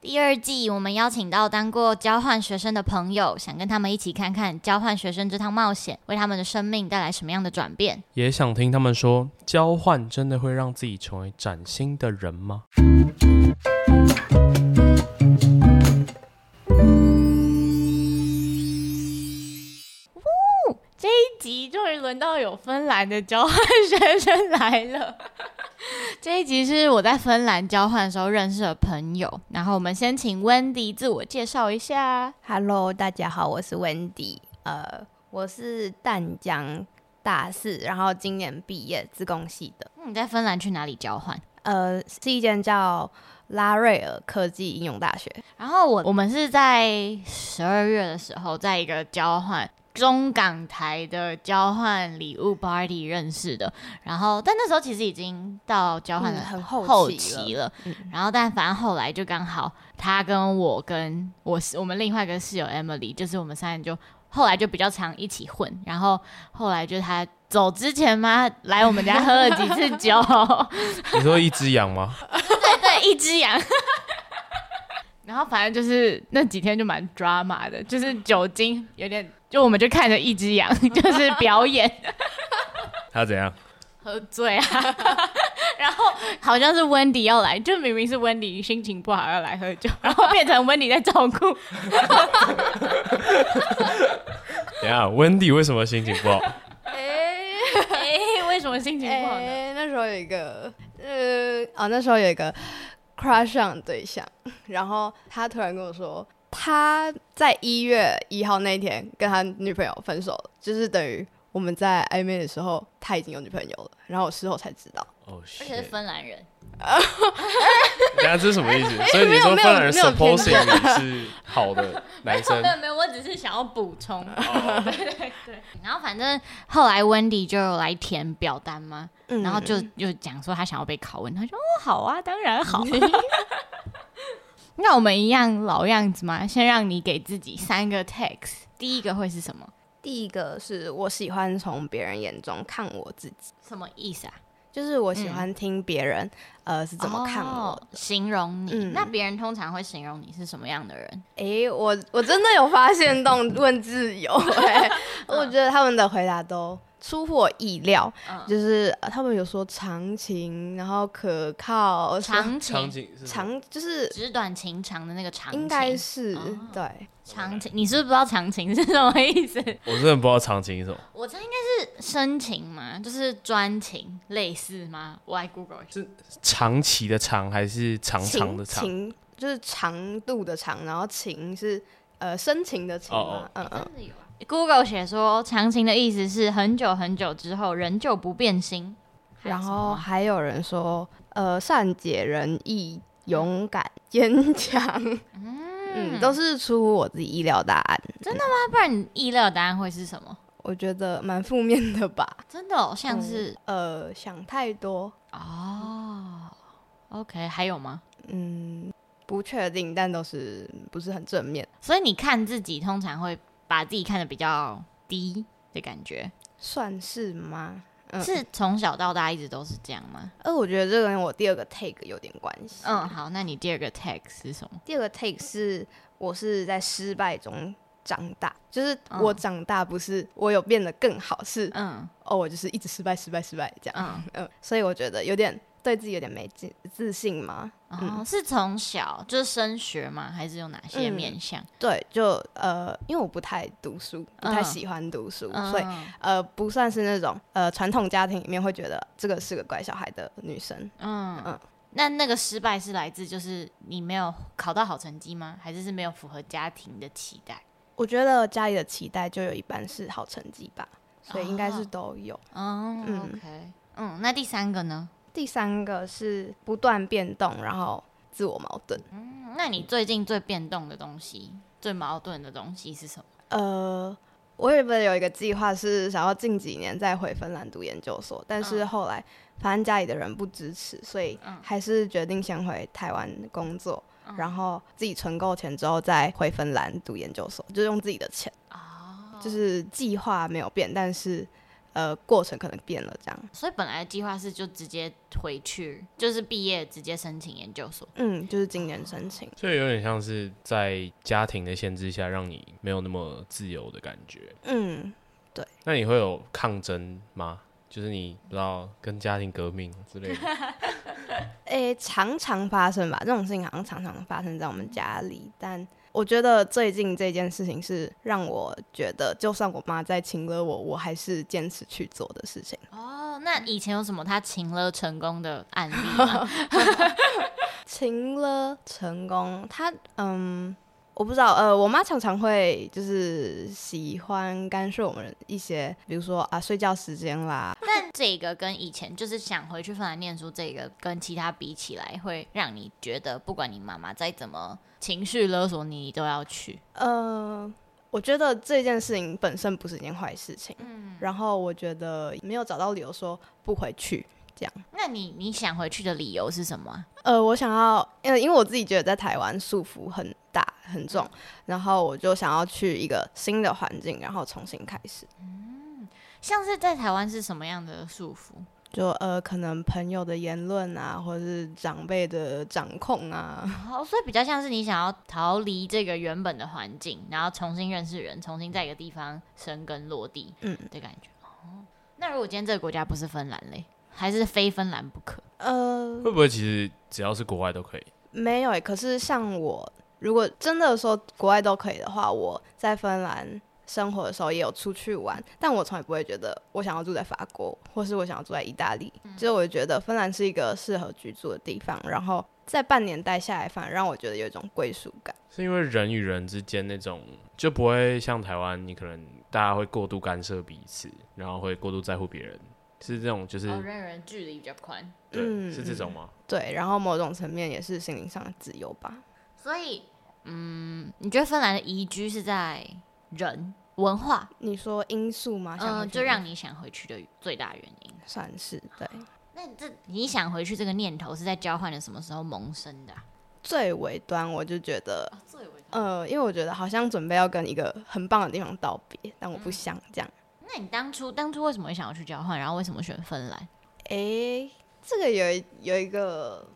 第二季，我們邀請到當過交換學生的朋友，想跟他們一起看看交換學生這趟冒險，為他們的生命帶來什麼樣的轉變，也想聽他們說，交換真的會讓自己成為嶄新的人嗎？這一集終於輪到有芬蘭的交換學生來了。 這一集是我在芬蘭交換的時候認識的朋友。然後我們先請 Wendy 自我介紹一下。Hello，大家好，我是 Wendy。呃，我是淡江大四，然後今年畢業資工系的。你、嗯、在芬蘭去哪裡交換？呃，是一間叫拉瑞爾科技應用大學。然後我我們是在十二月的時候在一個交換中港台的交換禮物 party 認識的，然後但那時候其實已經到交換的後期了，嗯了嗯、然後但反正後來就剛好他跟我跟我是我，我們另外一個室友 Emily，就是我們三人就後來就比較常一起混，然後後來就他走之前嘛來我們家喝了幾次酒， 你說一隻羊嗎？ 對對，一隻羊， 然後反正就是那幾天就蠻 drama 的，就是酒精有點。就我們就看着一隻羊， 就是表演。他怎樣？喝醉啊！ 然後好像是 Wendy 要來，就明明是 Wendy 心情不好要來喝酒，然後變成 Wendy 在照顧。 等一下，Wendy 為什麼心情不好？哎、欸欸，為什麼心情不好呢？欸，那時候有一個呃哦，那時候有一個 crush on 對象，然後他突然跟我說。他在一月一號那一天跟他女朋友分手了。就是等於我們在曖昧的時候他已經有女朋友了，然後我事後才知道，oh、而且是芬蘭人。你 看 這是什麼意思？ 所以你說芬蘭人 supposing 你是好的 沒錯，沒有沒有，我只是想要補充。 對，對對對。然後反正後來 Wendy 就來填表單嘛、嗯，然後就就講說他想要被拷問，他就說哦好啊，當然好。 那我們一樣老樣子嘛，先讓你給自己三個 text，第一個會是什麼？第一個是我喜歡從別人眼中看我自己，什麼意思啊？就是我喜歡聽別人、嗯、呃是怎麼看我、哦，形容你。嗯、那別人通常會形容你是什麼樣的人？誒、欸，我我真的有發現動問自由、欸，誒， 我覺得他們的回答都。出乎我意料，嗯、就是他們有說長情，然後可靠，長情長，長，是長，就是、就是短情長的那個長情，應該是、哦、對長情。你是不是不知道長情是什麼意思？我真的不知道長情是什麼。我真的應該是深情嘛，就是專情類似嗎？我來 Google 一下。是長期的長還是長長的長？情，情就是長度的長，然後情是呃深情的情啊嗯，哦哦、嗯。欸 Google 寫說，長情的意思是很久很久之後仍舊不變心。然後還有人說，呃，善解人意、勇敢、堅、嗯、強，嗯，都是出乎我自己意料答案。真的嗎？嗯、不然你意料的答案會是什麼？我覺得蠻負面的吧。真的，像是、嗯、呃，想太多哦。OK，還有嗎？嗯，不確定，但都是不是很正面。所以你看自己通常會。把自己看得比較低的感覺，算是嗎？嗯、是從小到大一直都是這樣嗎？呃，我覺得這個跟我第二個 take 有點關係。嗯，好，那你第二個 take 是什麼？第二個 take 是我是在失敗中長大，就是我長大不是、嗯、我有變得更好，是嗯，哦，我就是一直失敗，失敗，失敗，這樣嗯，嗯，所以我覺得有點。對自己有點沒自自信嗎？哦嗯、是從小就是升學嗎？還是有哪些面向？嗯、對，就呃，因為我不太讀書，不太喜歡讀書，嗯、所以呃，不算是那種呃，傳統家庭裡面會覺得這個是個乖小孩的女生。嗯嗯，那那個失敗是來自就是你沒有考到好成績嗎？還是是沒有符合家庭的期待？我覺得家裡的期待就有一半是好成績吧，所以應該是都有。哦嗯哦、okay、嗯，那第三個呢？第三個是不斷變動，然後自我矛盾。嗯，那你最近最變動的東西、最矛盾的東西是什麼？呃，我原本有一個計劃是想要近幾年再回芬蘭讀研究所，但是後來發現、嗯、家裡的人不支持，所以還是決定先回台灣工作，嗯嗯、然後自己存夠錢之後再回芬蘭讀研究所，就用自己的錢。哦、就是計劃沒有變，但是。呃，過程可能變了這樣，所以本來的計劃是就直接回去，就是畢業直接申請研究所，嗯，就是今年申請，嗯、所以有點像是在家庭的限制下，讓你沒有那麼自由的感覺，嗯，對。那你會有抗爭嗎？就是你不知道跟家庭革命之類的？ 欸、常常發生吧，這種事情好像常常發生在我們家裡，但。我覺得最近這件事情是讓我覺得，就算我媽在情勒我，我還是堅持去做的事情。哦，那以前有什麼她情勒成功的案例嗎？ 情勒成功，她嗯。我不知道，呃，我媽常常會就是喜歡干涉我們一些，比如說啊，睡覺時間啦。 但這個跟以前就是想回去芬蘭念書，這個跟其他比起來，會讓你覺得不管你媽媽再怎麼情緒勒索你，你都要去。呃，我覺得這件事情本身不是一件壞事情。嗯，然後我覺得沒有找到理由說不回去。這樣，那你你想回去的理由是什麼啊？呃，我想要，因為我自己覺得在台灣束縛很大很重，然後我就想要去一個新的環境，然後重新開始。嗯，像是在台灣是什麼樣的束縛？就呃，可能朋友的言論啊，或者是長輩的掌控啊。哦，所以比較像是你想要逃離這個原本的環境，然後重新認識人，重新在一個地方生根落地，嗯，的感覺。嗯。哦，那如果今天這個國家不是芬蘭嘞？還是非芬蘭不可？呃，會不會其實只要是國外都可以？沒有哎、欸，可是像我，如果真的說國外都可以的話，我在芬蘭生活的時候也有出去玩，但我從來不會覺得我想要住在法國，或是我想要住在意大利。就是我覺得芬蘭是一個適合居住的地方，然後在半年待下來，反而讓我覺得有一種歸屬感。是因為人與人之間那種就不會像台灣，你可能大家會過度干涉彼此，然後會過度在乎別人。是這種，就是、哦、人，人距離比較寬，嗯，是這種嗎？對，然後某種層面也是心靈上的自由吧。所以，嗯，你覺得芬蘭的宜居是在人文化？你說因素嗎想？嗯，就讓你想回去的最大原因，算是對。哦、那你這你想回去這個念頭是在交換的什麼時候萌生的、啊？最尾端，我就覺得、哦、最尾端，呃，因為我覺得好像準備要跟一個很棒的地方道別，但我不想這樣。嗯那你當初當初為什麼會想要去交換？然後為什麼選芬蘭？誒、欸，這個有有一個，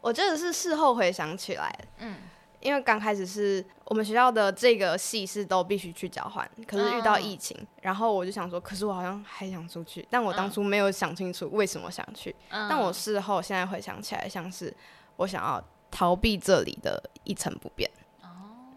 我覺得是事後回想起來，嗯，因為剛開始是我們學校的這個系是都必須去交換，可是遇到疫情、嗯，然後我就想說，可是我好像還想出去，但我當初沒有想清楚為什麼想去，嗯、但我事後現在回想起來，像是我想要逃避這裡的一成不變。哦、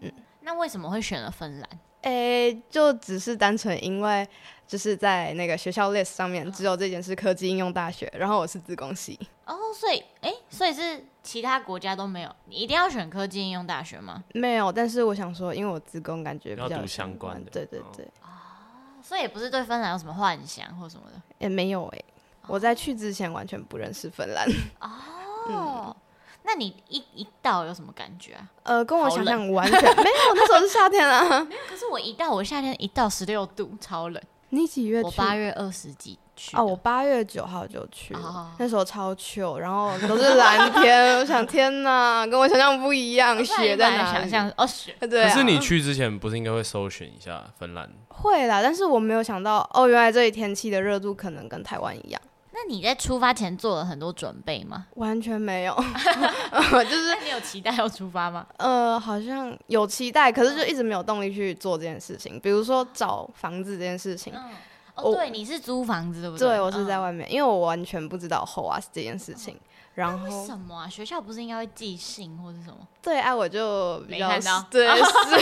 嗯，嗯，那為什麼會選了芬蘭？誒、欸，就只是單純因為就是在那個學校 list 上面，只有這間是科技應用大學，oh. 然後我是資工系。哦、oh,，所以誒、欸，所以是其他國家都沒有？你一定要選科技應用大學嗎？沒有，但是我想說，因為我資工感覺比較相關，相關對對對。哦、oh. oh.，所以也不是對芬蘭有什麼幻想或什麼的，也、欸、沒有誒、欸。我在去之前完全不認識芬蘭。哦、oh. 嗯。那你一一到有什麼感覺啊？呃，跟我想象完全,完全沒有，那時候是夏天啊。沒有，可是我一到我夏天一到十六度，超冷。你幾月去？我八月二十幾去。哦、啊，我八月九號就去、哦，那時候超 chill、哦，然後都是藍天。 我想，天哪，跟我想象不一樣， 雪在哪？乖乖想象哦，雪對、啊。可是你去之前不是應該會搜尋一下芬蘭、嗯？會啦，但是我沒有想到，哦，原來這裡天氣的熱度可能跟台灣一樣。那你在出發前做了很多準備嗎？完全沒有， 就是 你有期待要出發嗎？呃，好像有期待，可是就一直沒有動力去做這件事情。比如說找房子這件事情，嗯、哦，對，你是租房子對不對？對我是在外面、嗯，因為我完全不知道 HOAS 這件事情。然後什麼啊？學校不是應該會寄信或是什麼？對啊，我就比較沒看到，對，是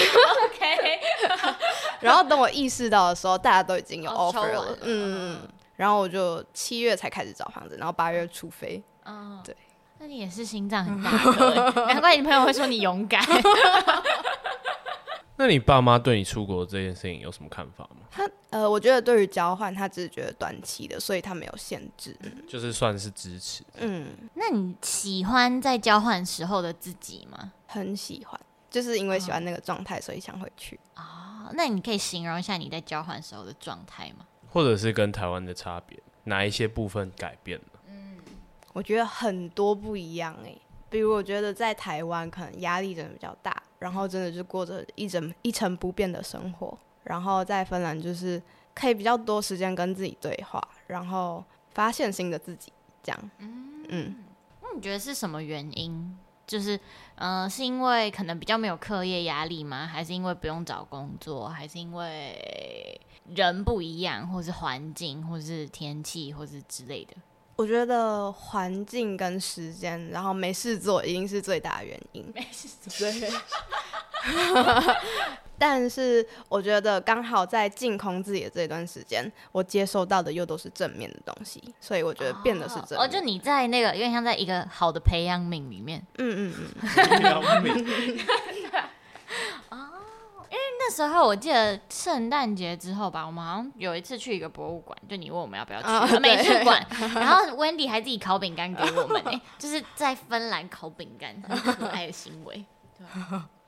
OK 然後等我意識到的時候，大家都已經有 offer 了，哦、了嗯。嗯然後我就七月才開始找房子，然後八月初飛。嗯、oh,，對，那你也是心臟很大。 難怪你朋友會說你勇敢。 那你爸媽對你出國這件事情有什麼看法嗎？他呃，我覺得對於交換，他只是覺得短期的，所以他沒有限制、嗯，就是算是支持。嗯，那你喜歡在交換時候的自己嗎？很喜歡，就是因為喜歡那個狀態，oh. 所以想回去。哦、oh,，那你可以形容一下你在交換時候的狀態嗎？或者是跟台灣的差別，哪一些部分改變了？嗯，我覺得很多不一樣誒、欸，比如我覺得在台灣可能壓力真的比較大，然後真的就過着一整一成不變的生活，然後在芬蘭就是可以比較多時間跟自己對話，然後發現新的自己這樣。嗯嗯，那你覺得是什麼原因？就是，呃，是因為可能比較沒有課業壓力嗎？還是因為不用找工作？還是因為人不一樣，或是環境，或是天氣，或是之類的？我覺得環境跟時間，然後沒事做，一定是最大的原因。沒事做，對。 但是我覺得剛好在淨空自己的這段時間，我接收到的又都是正面的東西，哦，所以我覺得變得是正面的。哦，就你在那個，有點像在一個好的培養皿裡面。嗯嗯嗯。嗯 培養皿 那時候我記得聖誕節之後吧，我們好像有一次去一個博物館，就你問我們要不要去美術館、啊，然後 Wendy 還自己烤餅乾給我們、 欸、就是在芬蘭烤餅乾很可愛的行為。對，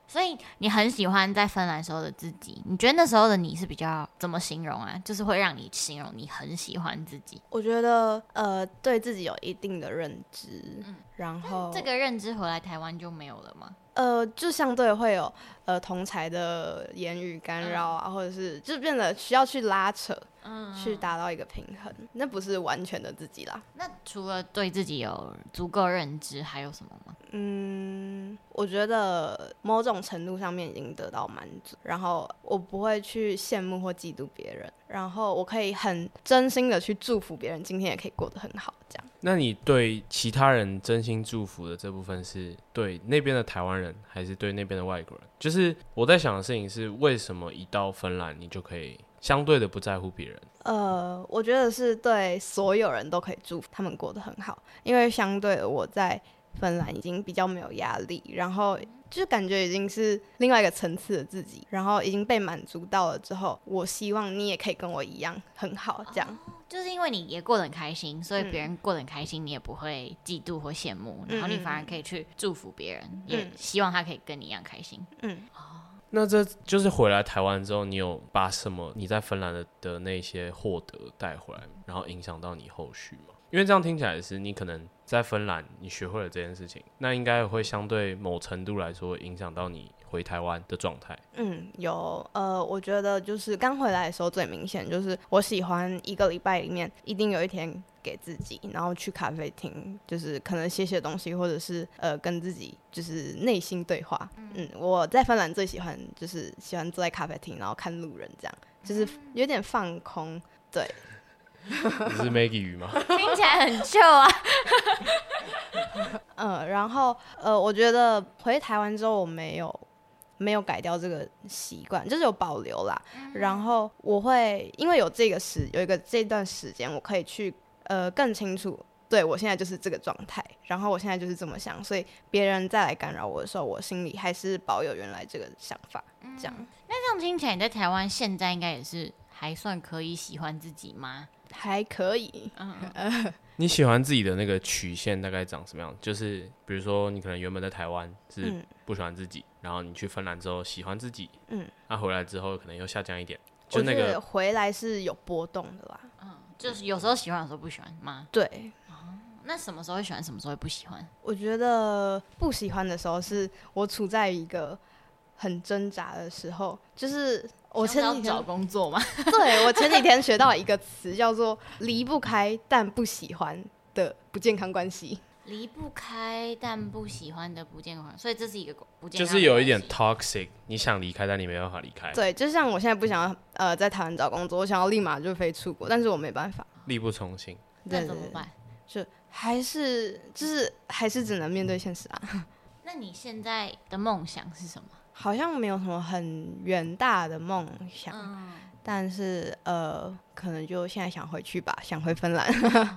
所以你很喜歡在芬蘭時候的自己，你覺得那時候的你是比較怎麼形容啊？就是會讓你形容你很喜歡自己？我覺得呃，對自己有一定的認知，然後這個認知回來台灣就沒有了嗎？呃，就相對會有。呃，同才的言語干擾啊、嗯，或者是就變得需要去拉扯，嗯，去達到一個平衡，那不是完全的自己啦。那除了對自己有足夠認知，還有什麼嗎？嗯，我覺得某種程度上面已經得到滿足，然後我不會去羨慕或嫉妒別人，然後我可以很真心的去祝福別人，今天也可以過得很好。這樣，那你對其他人真心祝福的這部分，是對那邊的台灣人，還是對那邊的外國人？就是。是我在想的事情是為什麼一到芬蘭你就可以相對的不在乎別人？呃，我覺得是對所有人都可以祝福他們過得很好，因為相對我在芬蘭已經比較沒有壓力，然後就感覺已經是另外一個層次的自己，然後已經被滿足到了之後，我希望你也可以跟我一樣很好這樣。就是因為你也過得很開心，所以別人過得很開心，嗯，你也不會嫉妒或羨慕，然後你反而可以去祝福別人，嗯，也希望他可以跟你一樣開心。嗯，哦，oh，那這就是回來台灣之後，你有把什麼你在芬蘭的的那些獲得帶回來，嗯，然後影響到你後續嗎？因為這樣聽起來是，你可能在芬蘭你學會了這件事情，那應該會相對某程度來說影響到你。回台灣的狀態，嗯，有，呃，我覺得就是剛回來的時候最明顯，就是我喜歡一個禮拜裡面一定有一天給自己，然後去咖啡廳，就是可能寫寫東西，或者是呃跟自己就是內心對話。嗯，嗯，我在芬蘭最喜歡就是喜歡坐在咖啡廳，然後看路人，這樣就是有點放空。對，你是 Maggie 魚嗎？ 聽起來很 chill 啊。嗯 、呃，然後呃，我覺得回台灣之後我沒有。沒有改掉這個習慣，就是有保留啦。嗯、然後我會因為有這個時有一個這段時間，我可以去呃更清楚，對我現在就是這個狀態。然後我現在就是這麼想，所以別人再來干擾我的時候，我心裡還是保有原來這個想法。嗯、這樣。那這樣聽起來你在台灣現在應該也是還算可以喜歡自己嗎？還可以、嗯， 你喜歡自己的那個曲線大概長什麼樣？就是比如說，你可能原本在台灣是不喜歡自己，嗯、然後你去芬蘭之後喜歡自己，嗯，那、啊、回來之後可能又下降一點，就是就、那個、回來是有波動的吧？嗯，就是有時候喜歡，有時候不喜歡嗎？對，哦、那什麼時候會喜歡，什麼時候會不喜歡？我覺得不喜歡的時候是我處在一個很掙扎的時候，就是。我前想找工作嗎？對，我前幾天學到一個詞， 叫做離不開但不喜歡的不健康關係。離不開但不喜歡的不健康，所以這是一個不健康。就是有一點 toxic，你想離開，但你沒有辦法離開。對，就像我現在不想要呃在台灣找工作，我想要立馬就飛出國，但是我沒辦法，力不從心。那怎麼辦？就還是就是還是只能面對現實啊。那你現在的夢想是什麼？好像沒有什麼很遠大的夢想，嗯，但是呃，可能就現在想回去吧，想回芬蘭、哦。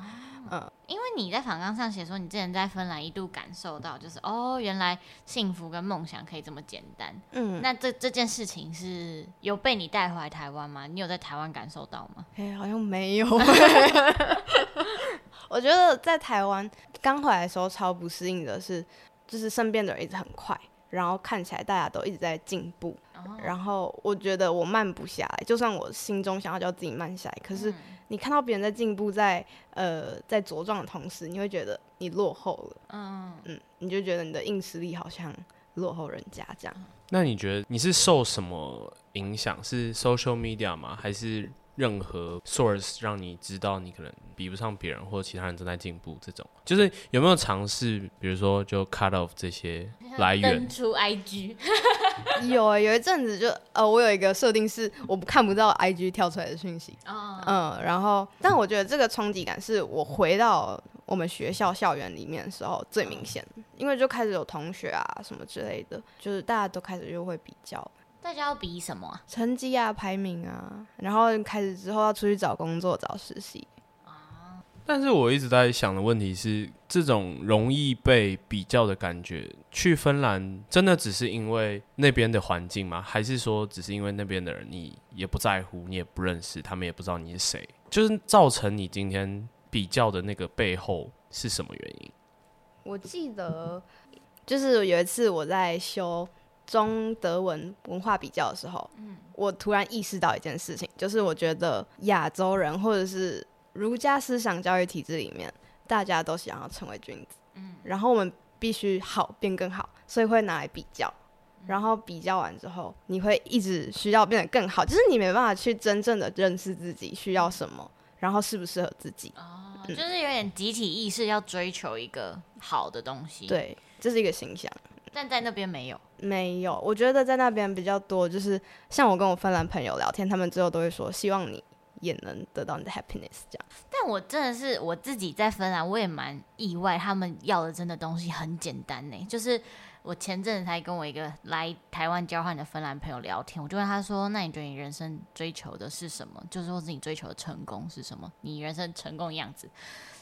嗯，因為你在訪綱上寫說，你之前在芬蘭一度感受到，就是哦，原來幸福跟夢想可以這麼簡單。嗯，那這這件事情是有被你帶回來台灣嗎？你有在台灣感受到嗎？欸，好像沒有。 我覺得在台灣剛回來的時候超不適應的是，就是身邊的人一直很快。然後看起來大家都一直在進步，oh. 然後我覺得我慢不下來。就算我心中想要叫自己慢下來，可是你看到別人在進步在，在呃在茁壯的同時，你會覺得你落後了。嗯、oh. 嗯，你就覺得你的硬實力好像落後人家這樣。那你覺得你是受什麼影響？是 social media 嗎？還是？任何 source 讓你知道你可能比不上別人，或其他人正在進步，這種就是有沒有嘗試，比如說就 cut off 這些來源，登出 IG？有啊、欸，有一陣子就呃，我有一個設定是我不看不到 IG 跳出來的訊息，嗯，然後但我覺得這個衝擊感是我回到我們學校校園裡面的時候最明顯的，因為就開始有同學啊什麼之類的，就是大家都開始就會比較。大家要比什麼啊？成績啊，排名啊。然後開始之後要出去找工作、找實習啊。但是我一直在想的問題是，這種容易被比較的感覺，去芬蘭真的只是因為那邊的環境嗎？還是說只是因為那邊的人，你也不在乎，你也不認識，他們也不知道你是誰，就是造成你今天比較的那個背後是什麼原因？我記得就是有一次我在修。中德文文化比較的時候，嗯，我突然意識到一件事情，就是我覺得亞洲人或者是儒家思想教育體制裡面，大家都想要成為君子，嗯，然後我們必須好變更好，所以會拿來比較，然後比較完之後，你會一直需要變得更好，就是你沒辦法去真正的認識自己需要什麼，然後適不適合自己，哦、嗯，就是有點集體意識要追求一個好的東西，對，這是一個形象。但在那邊沒有，沒有。我覺得在那邊比較多，就是像我跟我芬蘭朋友聊天，他們最後都會說，希望你也能得到你的 happiness 這樣。但我真的是我自己在芬蘭，我也蠻意外，他們要的真的東西很簡單呢、欸。就是我前陣子才跟我一個來台灣交換的芬蘭朋友聊天，我就問他說：“那你覺得你人生追求的是什麼？就是說，自己追求的成功是什麼？你人生成功的樣子？”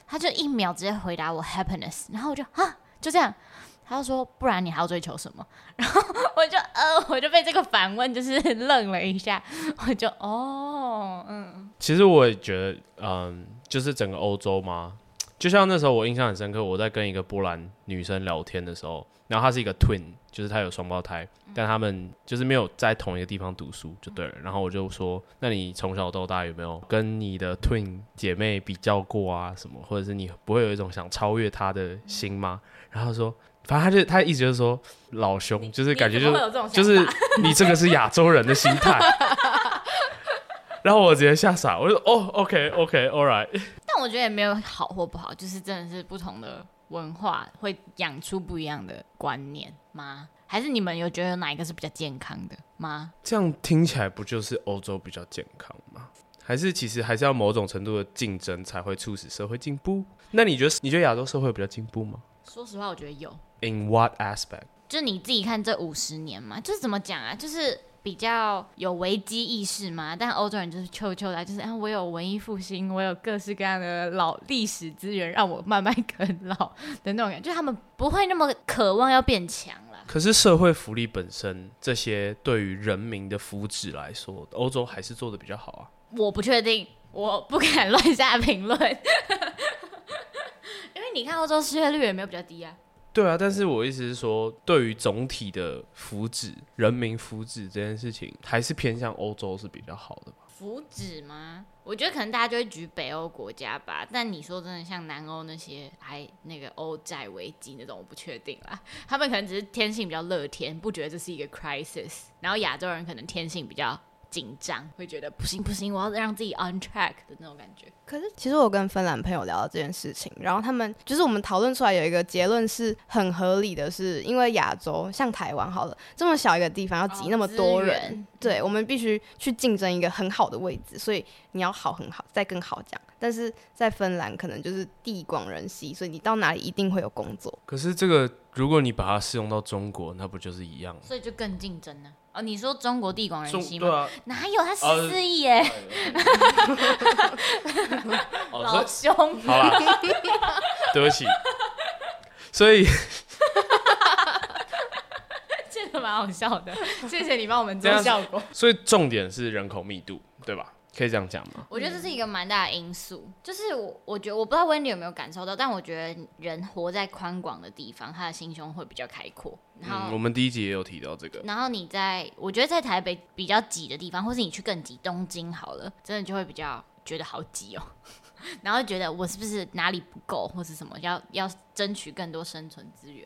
他就一秒直接回答我 happiness，然後我就啊，就這樣。他就說：“不然你還要追求什麼？”然後我就呃，我就被這個反問就是愣了一下，我就哦，嗯。其實我也覺得，嗯，就是整個歐洲嘛，就像那時候我印象很深刻，我在跟一個波蘭女生聊天的時候，然後她是一個 twin，就是她有雙胞胎，嗯、但他們就是沒有在同一個地方讀書就對了。嗯、然後我就說：“那你從小到大有沒有跟你的 twin 姐妹比較過啊？什麼或者是你不會有一種想超越她的心嗎？”嗯、然後她說。反正他就他一直就是說老兄，就是感覺就是就是 你這個是亞洲人的心態， 然後我直接嚇傻，我就說哦、oh，OK OK Alright，但我覺得也沒有好或不好，就是真的是不同的文化會養出不一樣的觀念嗎？還是你們有覺得有哪一個是比較健康的嗎？這樣聽起來不就是歐洲比較健康嗎？還是其實還是要某種程度的競爭才會促使社會進步？那你覺得你覺得亞洲社會比較進步嗎？說實話，我覺得有。In what aspect？就你自己看這五十年嘛，就是怎麼講啊？就是比較有危機意識嘛。但歐洲人就是秋秋來、啊，就是哎、啊，我有文藝復興，我有各式各樣的老歷史資源，讓我慢慢啃老的那種感覺。就他們不會那麼渴望要變強啦。可是社會福利本身這些對於人民的福祉來說，歐洲還是做的比較好啊。我不確定，我不敢亂下評論。 因為你看歐洲失業率也沒有比較低啊，對啊，但是我意思是說，對於總體的福祉、人民福祉這件事情，還是偏向歐洲是比較好的嘛。福祉嗎？我覺得可能大家就會舉北歐國家吧。但你說真的，像南歐那些，還那個歐債危機那種，我不確定啦。他們可能只是天性比較樂天，不覺得這是一個 crisis。然後亞洲人可能天性比較。緊張，會覺得不行不行，我要讓自己 on track 的那種感覺。可是其實我跟芬蘭朋友聊到這件事情，然後他們就是我們討論出來有一個結論是很合理的是，是因為亞洲像台灣好了這麼小一個地方要擠那麼多人，哦、資源。對，我們必須去競爭一個很好的位置，所以你要好很好再更好講。但是在芬蘭可能就是地廣人稀，所以你到哪裡一定會有工作。可是這個如果你把它適用到中國，那不就是一樣？所以就更競爭呢。哦，你說中國地廣人稀嗎？對啊，哪有他四億耶，呃呃呃呃， 老兄，哦，好啦， 對不起，所以這個蠻好笑的， 謝謝你幫我們做效果。所以重點是人口密度，對吧？可以這樣講嗎？我覺得這是一個蠻大的因素、嗯，就是我，我覺得我不知道溫 e 有沒有感受到，但我覺得人活在寬廣的地方，他的心胸會比較開闊。然後、嗯、我們第一集也有提到這個。然後你在，我覺得在台北比較擠的地方，或是你去更擠東京好了，真的就會比較覺得好擠哦、喔。 然後覺得我是不是哪裡不夠，或是什麼要要爭取更多生存資源？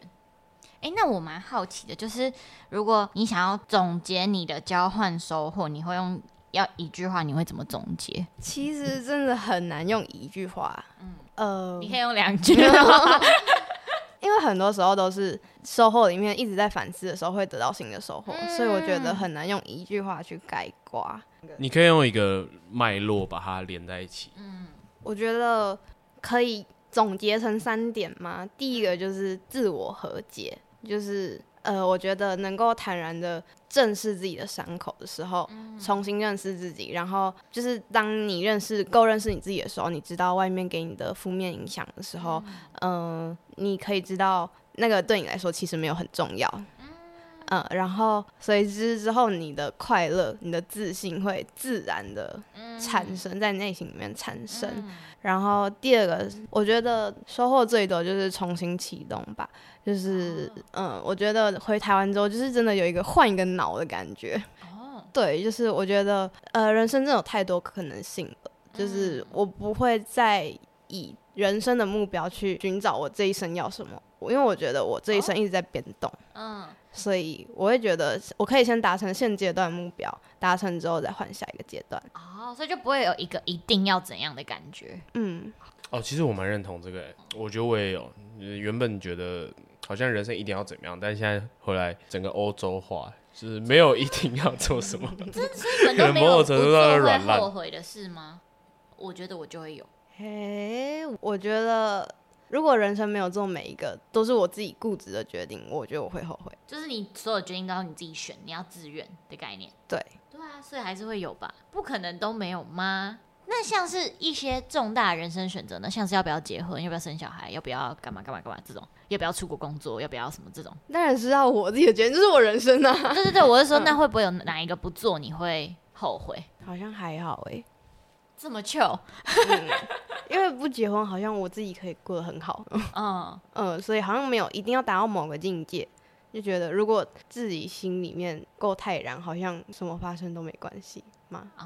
哎、欸，那我蠻好奇的，就是如果你想要總結你的交換收穫，你會用？要一句話你會怎麼總結？其實真的很難用一句話，啊。嗯，呃，你可以用兩句、嗯， 因為很多時候都是收穫裡面一直在反思的時候會得到新的收穫，嗯，所以我覺得很難用一句話去概括。你可以用一個脈絡把它連在一起。嗯，我覺得可以總結成三點嗎？第一個就是自我和解，就是。呃，我覺得能夠坦然的正視自己的傷口的時候，重新認識自己，然後就是當你認識夠認識你自己的時候，你知道外面給你的負面影響的時候，嗯、呃，你可以知道那個對你來說其實沒有很重要，嗯、呃，然後隨之之後，你的快樂、你的自信會自然的產生在內心裡面產生。然後第二個，我覺得收穫最多就是重新啟動吧。就是，oh. 嗯，我覺得回台灣之後，就是真的有一個換一個腦的感覺。Oh. 對，就是我覺得，呃，人生真的有太多可能性了。Oh. 就是我不會再以人生的目標去尋找我這一生要什麼，因為我覺得我這一生一直在變動。嗯，oh. oh. 所以我會覺得我可以先達成現階段目標，達成之後再換下一個階段。哦，oh. 所以就不會有一個一定要怎樣的感覺。嗯，哦，oh. 其實我蠻認同這個，欸，我覺得我也有，原本覺得。好像人生一定要怎麼樣，但現在回來整個歐洲化，就是沒有一定要做什麼。所以你們都沒有不會 後悔的事嗎？我覺得我就會有。嘿、hey，我覺得如果人生沒有做每一個都是我自己固執的決定，我覺得我會後悔。就是你所有決定都要你自己選，你要自願的概念。對，對啊，所以還是會有吧？不可能都沒有嗎？那像是一些重大人生選擇呢，像是要不要結婚，要不要生小孩，要不要幹嘛幹嘛幹嘛這種，要不要出國工作，要不要什麼這種？當然是要我自己的，決定，這是我人生啊。對 對對，我是說、嗯，那會不會有哪一個不做你會後悔？好像還好哎、欸，這麼糗，嗯、 因為不結婚好像我自己可以過得很好。 嗯 嗯，所以好像沒有一定要達到某個境界，就覺得如果自己心裡面夠泰然，好像什麼發生都沒關係。嘛哦，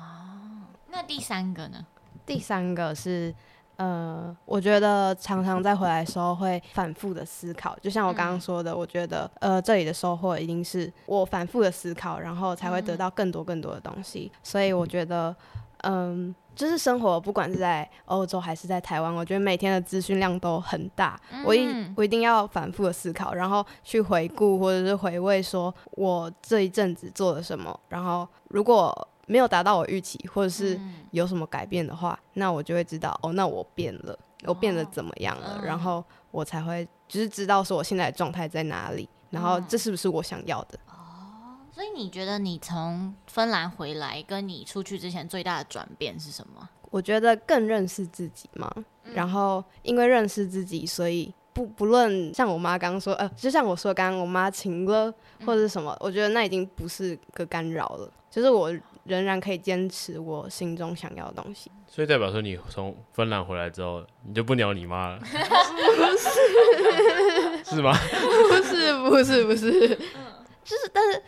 那第三個呢？第三個是，呃，我覺得常常在回來的時候會反覆的思考，就像我剛剛說的、嗯，我覺得，呃，這裡的收穫一定是我反覆的思考，然後才會得到更多更多的東西、嗯。所以我覺得，嗯，就是生活不管是在歐洲還是在台灣，我覺得每天的資訊量都很大，我一我一定要反覆的思考，然後去回顧或者是回味，說我這一陣子做了什麼，然後如果。沒有達到我預期，或者是有什麼改變的話，嗯、那我就會知道哦，那我變了、哦，我變得怎麼樣了、嗯，然後我才會就是知道說我現在的狀態在哪裡、嗯，然後這是不是我想要的？哦，所以你覺得你從芬蘭回來，跟你出去之前最大的轉變是什麼？我覺得更認識自己嘛。嗯、然後因為認識自己，所以不不論像我媽剛剛說，呃，就像我說剛剛我媽情勒或者是什麼、嗯，我覺得那已經不是個干擾了，就是我。仍然可以堅持我心中想要的東西，所以代表說你從芬蘭回來之後，你就不鳥你媽了，不是？是嗎？不是，不是，不是，就是，但是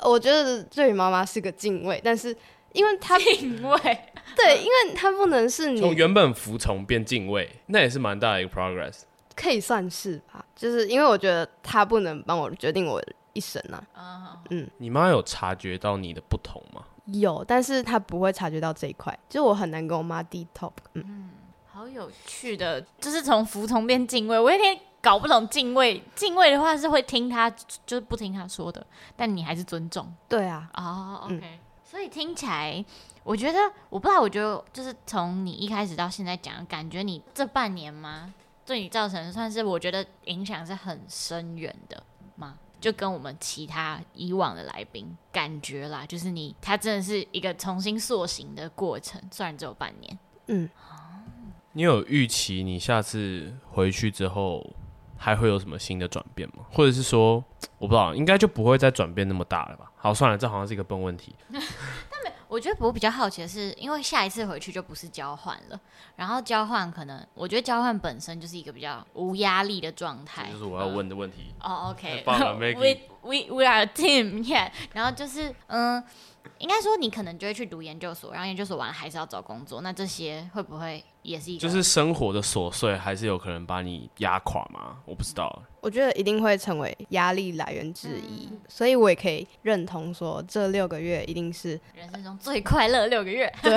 我覺得對於媽媽是個敬畏，但是因為她敬畏，對，因為她不能是你從原本服從變敬畏，那也是蠻大的一個 progress，可以算是吧，就是因為我覺得她不能幫我決定我。一神、啊、嗯，你媽有、嗯、有察覺到你的不同嗎？有，但是她不會察覺到這一塊，就我很難跟我媽低頭。嗯嗯，好有趣的，就是從服從變敬畏，我有點搞不懂敬畏。敬畏的話是會聽他，就是不聽他說的，但你還是尊重。對啊，啊、oh，OK、嗯。所以聽起來，我覺得我不知道，我覺得就是從你一開始到現在講，感覺你這半年嗎，對你造成算是我覺得影響是很深遠的。就跟我們其他以往的來賓感覺啦，就是你他真的是一個重新塑形的過程，雖然只有半年。嗯，哦，你有預期你下次回去之後還會有什麼新的轉變嗎？或者是說，我不知道，應該就不會再轉變那麼大了吧？好，算了，這好像是一個笨問題。 我覺得我比較好奇的是，因為下一次回去就不是交換了，然後交換可能，我覺得交換本身就是一個比較無壓力的狀態，嗯，這就是我要問的問題哦，嗯 oh，OK，We we are a team, yeah。 然後就是，嗯，應該說你可能就會去讀研究所，然後研究所完了還是要找工作。那這些會不會也是一個？就是生活的瑣碎還是有可能把你壓垮嗎？我不知道。我覺得一定會成為壓力來源之一、嗯，所以我也可以認同說，這六個月一定是人生中最快樂的六個月。 對。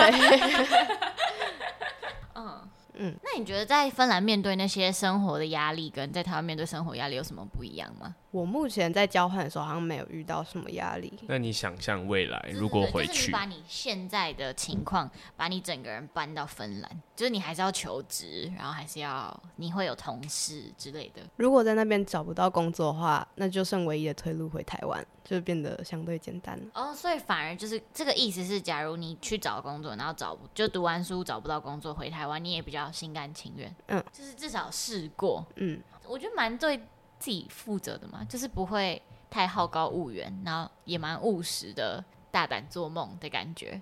嗯 嗯。那你覺得在芬蘭面對那些生活的壓力，跟在台灣面對生活壓力有什麼不一樣嗎？我目前在交換的時候，好像沒有遇到什麼壓力。那你想象未來是是，如果回去，就是，你把你現在的情況，嗯，把你整個人搬到芬蘭，就是你還是要求職，然後還是要你會有同事之類的。如果在那邊找不到工作的話，那就剩唯一的退路回台灣，就變得相對簡單。哦，所以反而就是這個意思是，假如你去找工作，然後找就讀完書找不到工作回台灣，你也比較心甘情願。嗯，就是至少試過。嗯，我覺得蠻對。自己負責的嘛，就是不會太好高騖遠，然後也蠻務實的，大膽做夢的感覺。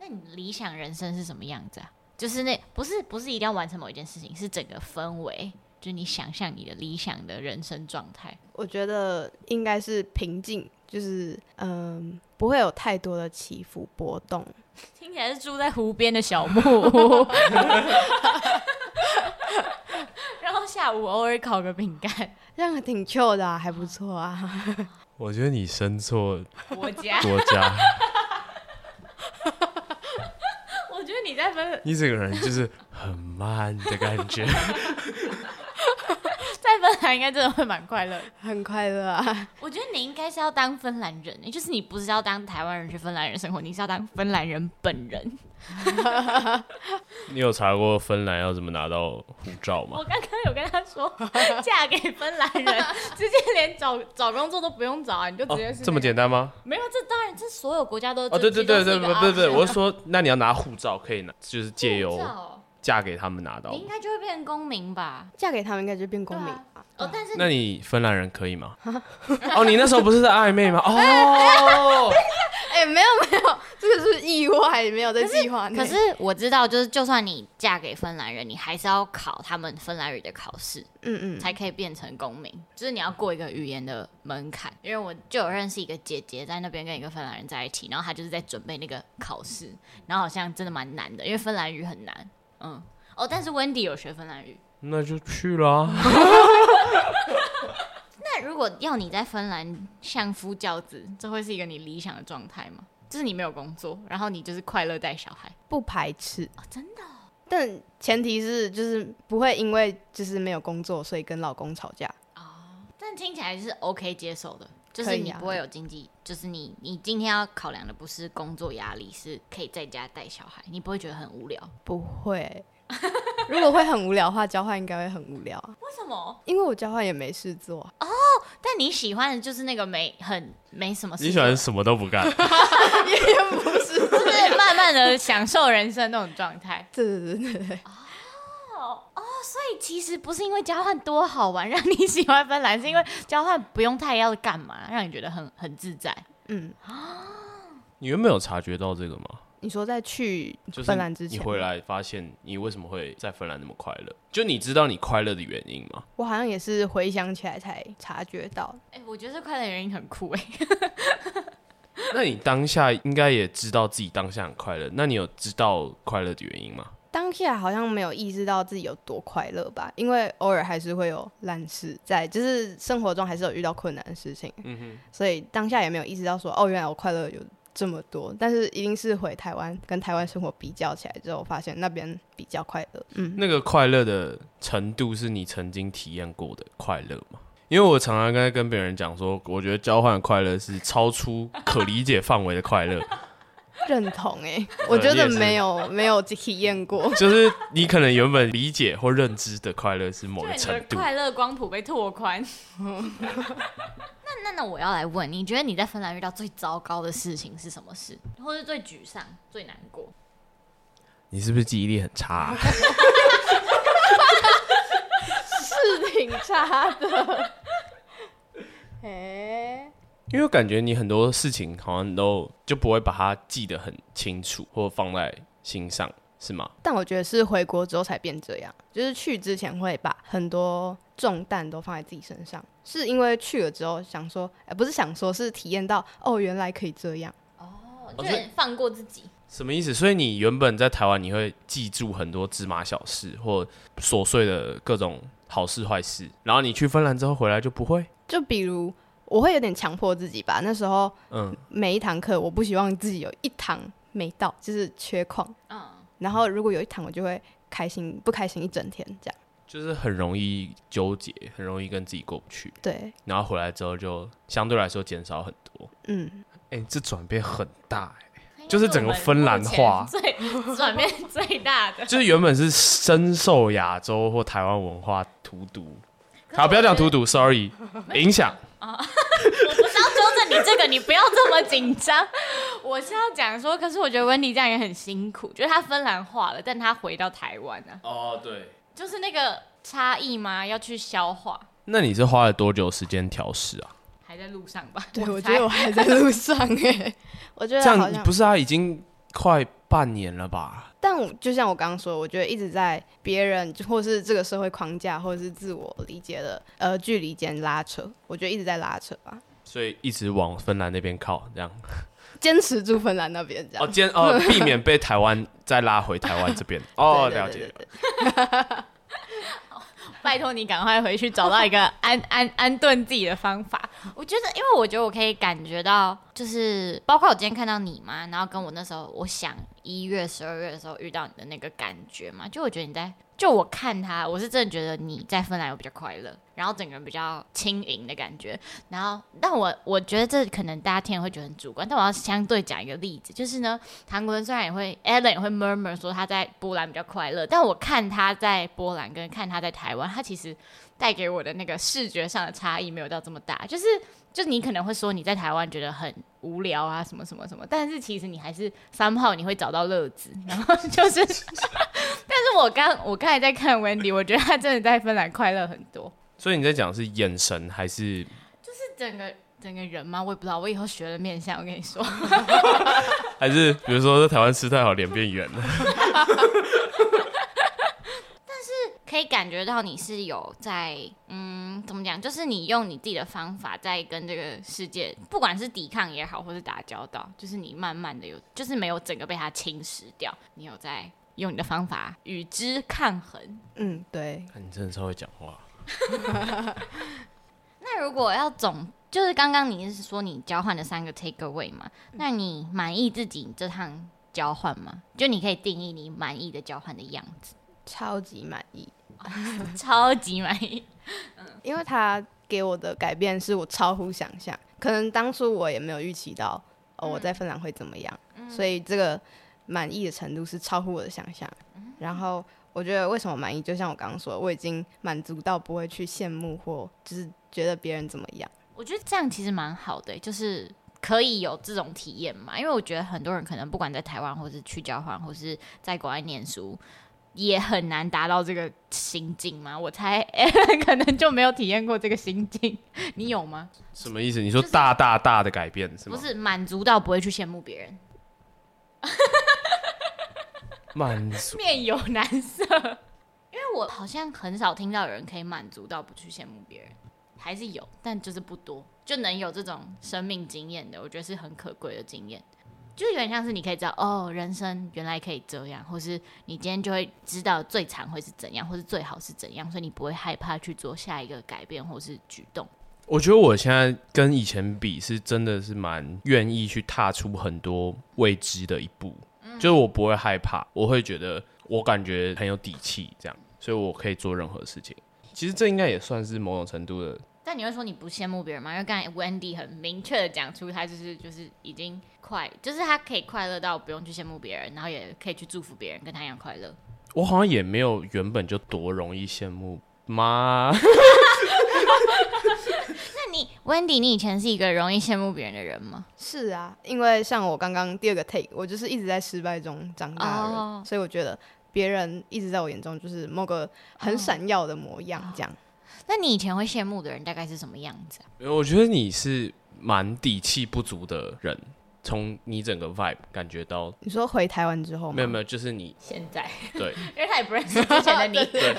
那你理想人生是什麼樣子啊？就是那不是不是一定要完成某一件事情，是整個氛圍，就是你想象你的理想的人生狀態。我覺得應該是平靜，就是嗯、呃，不會有太多的起伏波動。聽起來是住在湖邊的小木屋， 然後下午偶爾烤個餅乾， 這樣挺 chill 的啊，還不錯啊。 我覺得你生錯 國家，國家。我覺得你在分，你整個人就是很慢的感覺。 芬蘭應該真的會蠻快樂，很快樂啊！我覺得你應該是要當芬蘭人，就是你不是要當台灣人去芬蘭人生活，你是要當芬蘭人本人。 你有查過芬蘭要怎麼拿到護照嗎？ 我剛剛有跟他說，嫁給芬蘭人，直 接連找找工作都不用找，啊，你就直接是，那個哦，這麼簡單嗎？沒有，這當然，這所有國家都哦，對對對對，對是不，不不，不，不 我是說，那你要拿護照可以拿，就是借由。嫁給他們拿到，你應該就會變公民吧？嫁給他們應該就變公民，啊哦。哦，但是你那你芬蘭人可以嗎？ 哦，你那時候不是在曖昧嗎？ 哦，哎 欸，沒有沒有，這個是意外，沒有在計劃。可是我知道，就是就算你嫁給芬蘭人，你還是要考他們芬蘭語的考試，嗯嗯，才可以變成公民，就是你要過一個語言的門檻。因為我就有認識一個姐姐在那邊跟一個芬蘭人在一起，然後她就是在準備那個考試，然後好像真的蠻難的，因為芬蘭語很難。嗯，哦，但是 Wendy 有學芬蘭語，那就去啦。 那如果要你在芬蘭相夫教子，這會是一個你理想的狀態嗎？就是你沒有工作，然後你就是快樂帶小孩。不排斥哦，真的哦？但前提是就是不會因為就是沒有工作，所以跟老公吵架哦，但聽起來是 OK 接受的。就是你不會有經濟、啊，就是你你今天要考量的不是工作壓力，是可以在家帶小孩，你不會覺得很無聊？不會。如果會很無聊的話， 交換應該會很無聊啊。為什麼？因為我交換也沒事做哦。Oh, 但你喜歡的就是那個沒很沒什麼事，你喜歡什麼都不幹， 也不是， 是不是慢慢的享受人生那種狀態？對 對對對。所以其實不是因為交換多好玩讓你喜歡芬蘭，是因為交換不用太要幹嘛，讓你覺得很很自在。嗯，你有沒有察覺到這個嗎？你說在去芬蘭之前，就是、你回來發現你為什麼會在芬蘭那麼快樂？就你知道你快樂的原因嗎？我好像也是回想起來才察覺到。哎、欸，我覺得這快樂原因很酷哎。 那你當下應該也知道自己當下很快樂，那你有知道快樂的原因嗎？當下好像沒有意識到自己有多快樂吧，因為偶爾還是會有爛事在，就是生活中還是有遇到困難的事情。嗯哼，所以當下也沒有意識到說，哦，原來我快樂有這麼多。但是一定是回台灣跟台灣生活比較起來之後，我發現那邊比較快樂。嗯，那個快樂的程度是你曾經體驗過的快樂嗎？因為我常常跟跟別人講說，我覺得交換快樂是超出可理解範圍的快樂。 認同哎、欸，嗯，我覺得沒有沒有體驗過，就是你可能原本理解或認知的快樂是某一個程度，快樂光譜被拓寬。 那那那，我要來問，你覺得你在芬蘭遇到最糟糕的事情是什麼事，或是最沮喪、最難過？你是不是記憶力很差啊？ 是挺差的， 因為感覺你很多事情好像都就不會把它記得很清楚，或放在心上，是嗎？但我覺得是回國之後才變這樣，就是去之前會把很多重擔都放在自己身上，是因為去了之後想說，哎，呃，不是想說，是體驗到哦，原來可以這樣哦，就是放過自己，哦。什麼意思？所以你原本在台灣你會記住很多芝麻小事或瑣碎的各種好事壞事，然後你去芬蘭之後回來就不會？就比如。我會有點強迫自己吧，那時候，嗯，每一堂課我不希望自己有一堂沒到，就是缺曠、嗯，然後如果有一堂我就會開心不開心一整天這樣，就是很容易糾結，很容易跟自己過不去，對，然後回來之後就相對來說減少很多，嗯，哎、欸，這轉變很大哎、欸嗯，就是整個芬蘭化最轉變最大的， 就是原本是深受亞洲或台灣文化荼毒，好，不要講荼毒，sorry，影響、哦我不是要糾正你這個， 你不要這麼緊張。我是要講說，可是我覺得 Wendy 這樣也很辛苦，就是他芬蘭化了，但他回到台灣啊。哦、oh，對，就是那個差異嘛，要去消化。那你是花了多久時間調適啊？還在路上吧？對，我，我覺得我還在路上、欸，哎， 我覺得這樣不是他、啊、已經快半年了吧？但就像我剛剛說，我覺得一直在別人或是這個社會框架，或者是自我理解的呃距離間拉扯，我覺得一直在拉扯吧。所以一直往芬蘭那邊靠，這樣。堅持住芬蘭那邊，這樣。哦，堅呃，避免被台灣再拉回台灣這邊。 哦對對對對對，了解了。 拜托你趕快回去，找到一個安 安安頓自己的方法。我覺得，因為我覺得我可以感覺到，就是包括我今天看到你嘛，然後跟我那時候我想一月、十二月的時候遇到你的那個感覺嘛，就我覺得你在。就我看他，我是真的覺得你在芬蘭有比較快樂，然後整個人比較輕盈的感覺。然後，但我我覺得這可能大家聽會覺得很主觀，但我要相對講一個例子，就是呢，韓國人雖然也會 Alan 也會 murmur 說他在波蘭比較快樂，但我看他在波蘭跟看他在台灣，他其實帶給我的那個視覺上的差異沒有到這麼大。就是，就你可能會說你在台灣覺得很無聊啊，什麼什麼什麼，但是其實你還是 somehow，你會找到樂子，然後就是，是。 但是我剛我剛才在看 Wendy，我覺得他真的在芬蘭快樂很多。所以你在講是眼神還是？就是整個整個人嗎？我也不知道。我以後學了面相，我跟你說。 還是比如說在台灣吃太好，臉變圓了。但是可以感覺到你是有在嗯，怎麼講？就是你用你自己的方法在跟這個世界，不管是抵抗也好，或是打交道，就是你慢慢的有，就是沒有整個被它侵蝕掉。你有在。用你的方法與之抗衡。嗯，對。啊、你真的超會講話。 那如果要總就是剛剛你是說你交換了三個 take away 嘛？嗯、那你滿意自己這趟交換嗎？就你可以定義你滿意的交換的樣子，超級滿意。哦、 超級滿意嗯。嗯，因為他給我的改變是我超乎想象，可能當初我也沒有預期到，我、哦、在芬蘭會怎麼樣、嗯，所以這個。嗯滿意的程度是超乎我的想象、嗯，然後我覺得為什麼滿意，就像我剛剛說的，我已經滿足到不會去羨慕或只是覺得別人怎麼樣。我覺得這樣其實蠻好的、欸，就是可以有這種體驗嘛。因為我覺得很多人可能不管在台灣，或是去交換，或是在國外念書，也很難達到這個心境嘛。我猜、欸、可能就沒有體驗過這個心境，你有嗎？什麼意思？你說大大大的改變、就是就是、是嗎？不是滿足到不會去羨慕別人。 滿 面有難色，因為我好像很少聽到有人可以滿足到不去羨慕別人，還是有，但就是不多，就能有這種生命經驗的，我覺得是很可貴的經驗，就有點像是你可以知道哦，人生原來可以這樣，或是你今天就會知道最慘會是怎樣，或是最好是怎樣，所以你不會害怕去做下一個改變或是舉動。我覺得我現在跟以前比是真的是蠻願意去踏出很多未知的一步。就是我不會害怕，我會覺得我感覺很有底氣，這樣，所以我可以做任何事情。其實這應該也算是某種程度的。但你會說你不羨慕別人嗎？因為剛才 Wendy 很明確的講出，他就是就是已經快，就是他可以快樂到不用去羨慕別人，然後也可以去祝福別人，跟他一樣快樂。我好像也沒有原本就多容易羨慕嗎？ 你 Wendy，你以前是一個容易羨慕別人的人嗎？是啊，因為像我剛剛第二個 take，我就是一直在失敗中長大的人，oh. 所以我覺得別人一直在我眼中就是某個很閃耀的模樣。這樣，oh. Oh. Oh. 那你以前會羨慕的人大概是什麼樣子啊？我覺得你是蠻底氣不足的人，從你整個 vibe 感覺到。你說回台灣之後？沒有沒有，就是你現在對， 因為他也不認識之前的你。 對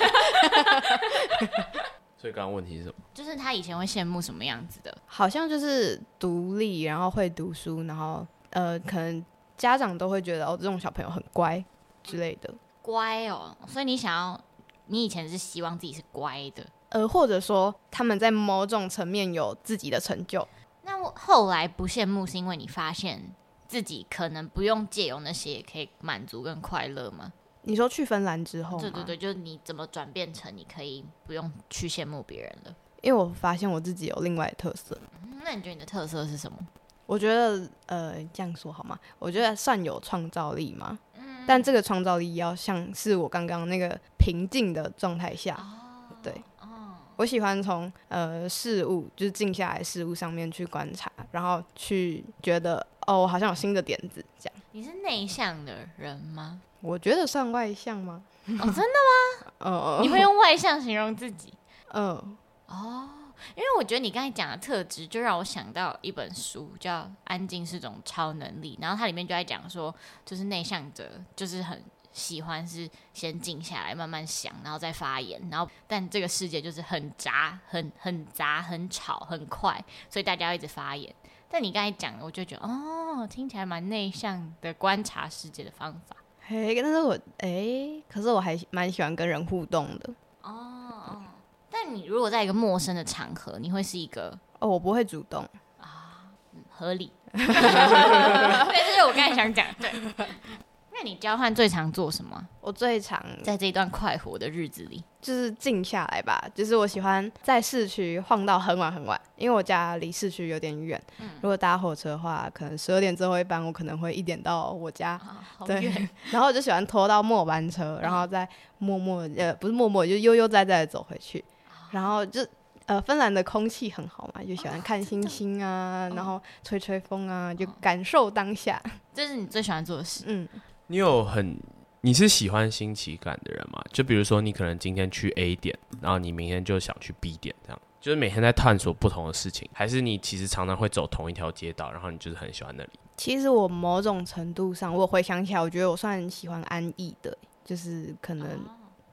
所以剛剛問題是什麼？就是他以前會羨慕什麼樣子的？好像就是獨立，然後會讀書，然後呃，可能家長都會覺得哦，這種小朋友很乖之類的。乖哦，所以你想要，你以前是希望自己是乖的，呃，或者說他們在某種層面有自己的成就。那後來不羨慕，是因為你發現自己可能不用借用那些也可以滿足跟快樂嗎？你說去芬蘭之後，對對對，就是你怎麼轉變成你可以不用去羨慕別人了？因為我發現我自己有另外的特色。嗯，那你覺得你的特色是什麼？我覺得，呃，這樣說好嗎？我覺得算有創造力嘛。嗯，但這個創造力要像是我剛剛那個平靜的狀態下，哦。對。哦。我喜歡從呃事物，就是靜下來的事物上面去觀察，然後去覺得哦，我好像有新的點子這樣。你是內向的人嗎？我覺得算外向嗎？哦，真的嗎？ 你會用外向形容自己？嗯。 哦，因為我覺得你剛才講的特質，就讓我想到一本書，叫《安靜是種超能力》。然後它裡面就在講說，就是內向者就是很喜歡是先靜下來，慢慢想，然後再發言。然後但這個世界就是很雜、很很雜、很吵、很快，所以大家要一直發言。但你剛才講的我就覺得哦，聽起來蠻內向的觀察世界的方法。嘿，但是我哎、欸，可是我還蠻喜歡跟人互動的哦。但你如果在一個陌生的場合，你會是一個？哦，我不會主動啊，合理。哈哈，這是我剛才想講的。 那你交換最常做什麼？我最常在這一段快活的日子裡，就是靜下來吧。就是我喜歡在市區晃到很晚很晚，因為我家離市區有點遠，嗯。如果搭火車的話，可能十二點之後，一般我可能會一點到我家，啊。對，然後我就喜歡拖到末班車，嗯、然後再默默呃，不是默默，就悠悠哉哉的走回去。啊、然後就呃，芬蘭的空氣很好嘛，就喜歡看星星啊，啊然後吹吹風啊，啊，就感受當下。這是你最喜歡做的事，嗯。你有很，你是喜歡新奇感的人嗎？就比如說，你可能今天去 A 點，然後你明天就想去 B 點，這樣就是每天在探索不同的事情，還是你其實常常會走同一條街道，然後你就是很喜歡那裡？其實我某種程度上，我回想起來，我覺得我算喜歡安逸的，就是可能，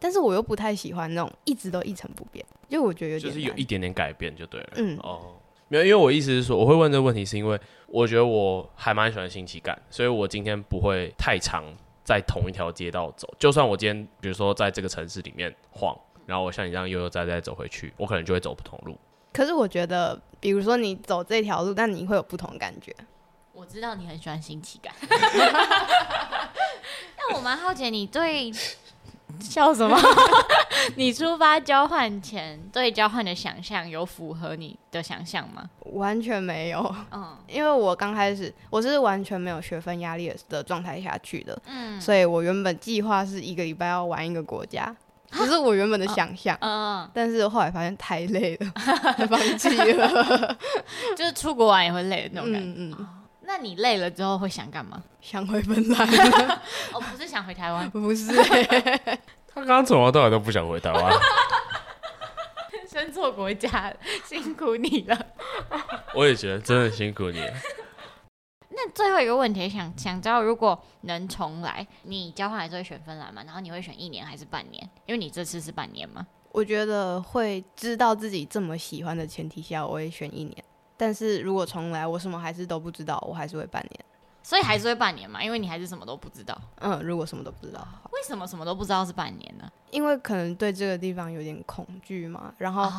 但是我又不太喜歡那種一直都一成不變，就我覺得就是有一點點改變就對了，嗯哦。沒有，因為我意思是說，我會問這個問題，是因為我覺得我還蠻喜歡新奇感，所以我今天不會太常在同一條街道走。就算我今天比如說在這個城市裡面晃，然後我像你這樣悠悠哉哉走回去，我可能就會走不同路。可是我覺得，比如說你走這條路，但你會有不同感覺。我知道你很喜歡新奇感， 但我蠻好奇你對，。 笑什麼？ 你出發交換前對交換的想象有符合你的想象嗎？完全沒有。嗯、因為我剛開始我是完全沒有學分壓力的狀態下去的、嗯。所以我原本計劃是一個禮拜要玩一個國家，這是我原本的想象、哦哦。但是後來發現太累了， 就放棄棄了。 就是出國玩也會累的那種感覺。嗯嗯。那你累了之後會想幹嘛？想回芬蘭、 哦。我不是想回台灣，不是。他剛剛從頭到尾都不想回台灣。選 錯國家，辛苦你了。 我也覺得真的很辛苦你了。 那最後一個問題，想想知道，如果能重來，你交換還是會選芬蘭嗎？然後你會選一年還是半年？因為你這次是半年嘛。我覺得會知道自己這麼喜歡的前提下，我也選一年。但是如果重來，我什麼還是都不知道，我還是會半年，所以還是會半年嘛、嗯，因為你還是什麼都不知道。嗯，如果什麼都不知道，為什麼什麼都不知道是半年呢？因為可能對這個地方有點恐懼嘛。然後，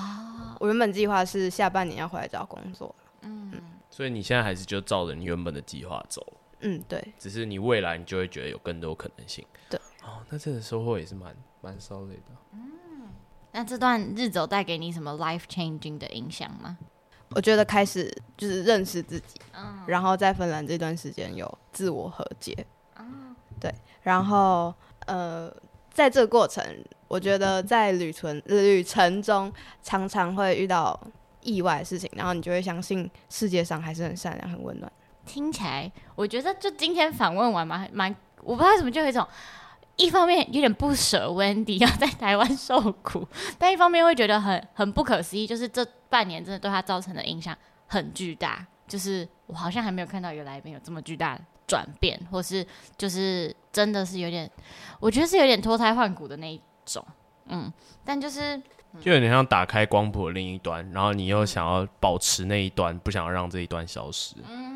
我原本計劃是下半年要回來找工作、哦。嗯，所以你現在還是就照着你原本的計劃走。嗯，對。只是你未來你就會覺得有更多可能性。對。哦，那這個收穫也是蠻蠻收累的。嗯。那這段日子有帶給你什麼 life changing 的影響嗎？我覺得開始就是認識自己，嗯，oh，然後在芬蘭這段時間有自我和解，oh. 對，然後呃，在這個過程，我覺得在旅程旅程中常常會遇到意外的事情，然後你就會相信世界上還是很善良、很溫暖。聽起來，我覺得就今天訪問完嘛，蠻我不知道為什麼就有一種。一方面有點不捨 Wendy 要在台灣受苦，但一方面會覺得很很不可思議，就是這半年真的對他造成的影響很巨大。就是我好像還沒有看到有來賓有這麼巨大的轉變，或是就是真的是有點，我覺得是有點脫胎換骨的那一種。嗯，但就是、嗯、就有點像打開光譜的另一端，然後你又想要保持那一端、嗯，不想讓這一端消失。嗯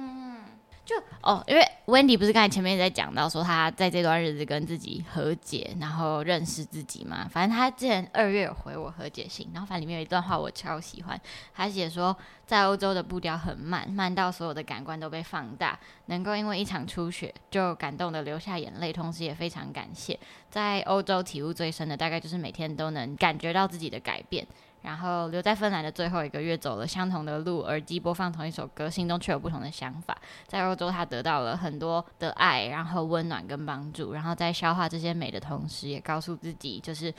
就哦，因為 Wendy 不是剛才前面也在講到說他在這段日子跟自己和解，然後認識自己嘛。反正他之前二月回我和解信，然後反正裡面有一段話我超喜歡，他寫說，在歐洲的步調很慢，慢到所有的感官都被放大，能夠因為一場初雪就感動得流下眼淚，同時也非常感謝，在歐洲體悟最深的大概就是每天都能感覺到自己的改變。然後留在芬蘭的最後一個月，走了相同的路，耳機播放同一首歌，心中卻有不同的想法。在歐洲，他得到了很多的愛，然後溫暖跟幫助。然後在消化這些美的同時，也告訴自己，就是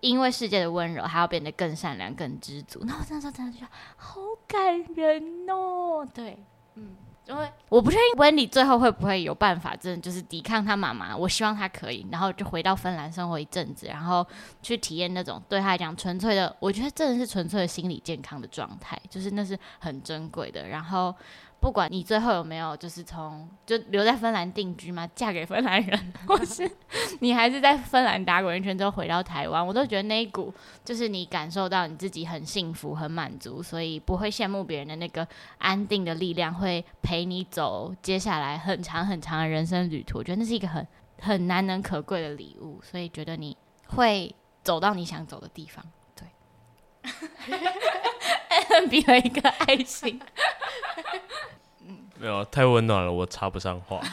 因為世界的溫柔，還要變得更善良、更知足。然後這樣說真的就是好感人哦。對，嗯。因為我不確定 Wendy 最後會不會有辦法，真的就是抵抗她媽媽。我希望她可以，然後就回到芬蘭生活一陣子，然後去體驗那種對她來講純粹的，我覺得真的是純粹的心理健康的狀態，就是那是很珍貴的。然後。不管你最後有沒有，就是從就留在芬蘭定居嗎？嫁給芬蘭人， 或是你還是在芬蘭打滾一圈之後回到台灣，我都覺得那一股就是你感受到你自己很幸福、很滿足，所以不會羨慕別人的那個安定的力量，會陪你走接下來很長很長的人生旅途。我覺得那是一個很很難能可貴的禮物，所以覺得你會走到你想走的地方。 比了一個愛心 ，沒有太溫暖了，我插不上話。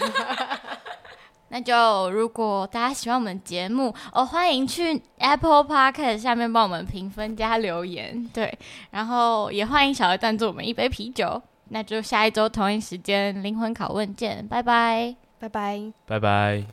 那就如果大家喜歡我們節目哦，歡迎去 Apple Podcast 下面幫我們評分加留言。對，然後也歡迎小額贊助我們一杯啤酒。那就下一周同一時間靈魂拷問見，拜拜，拜拜，拜拜。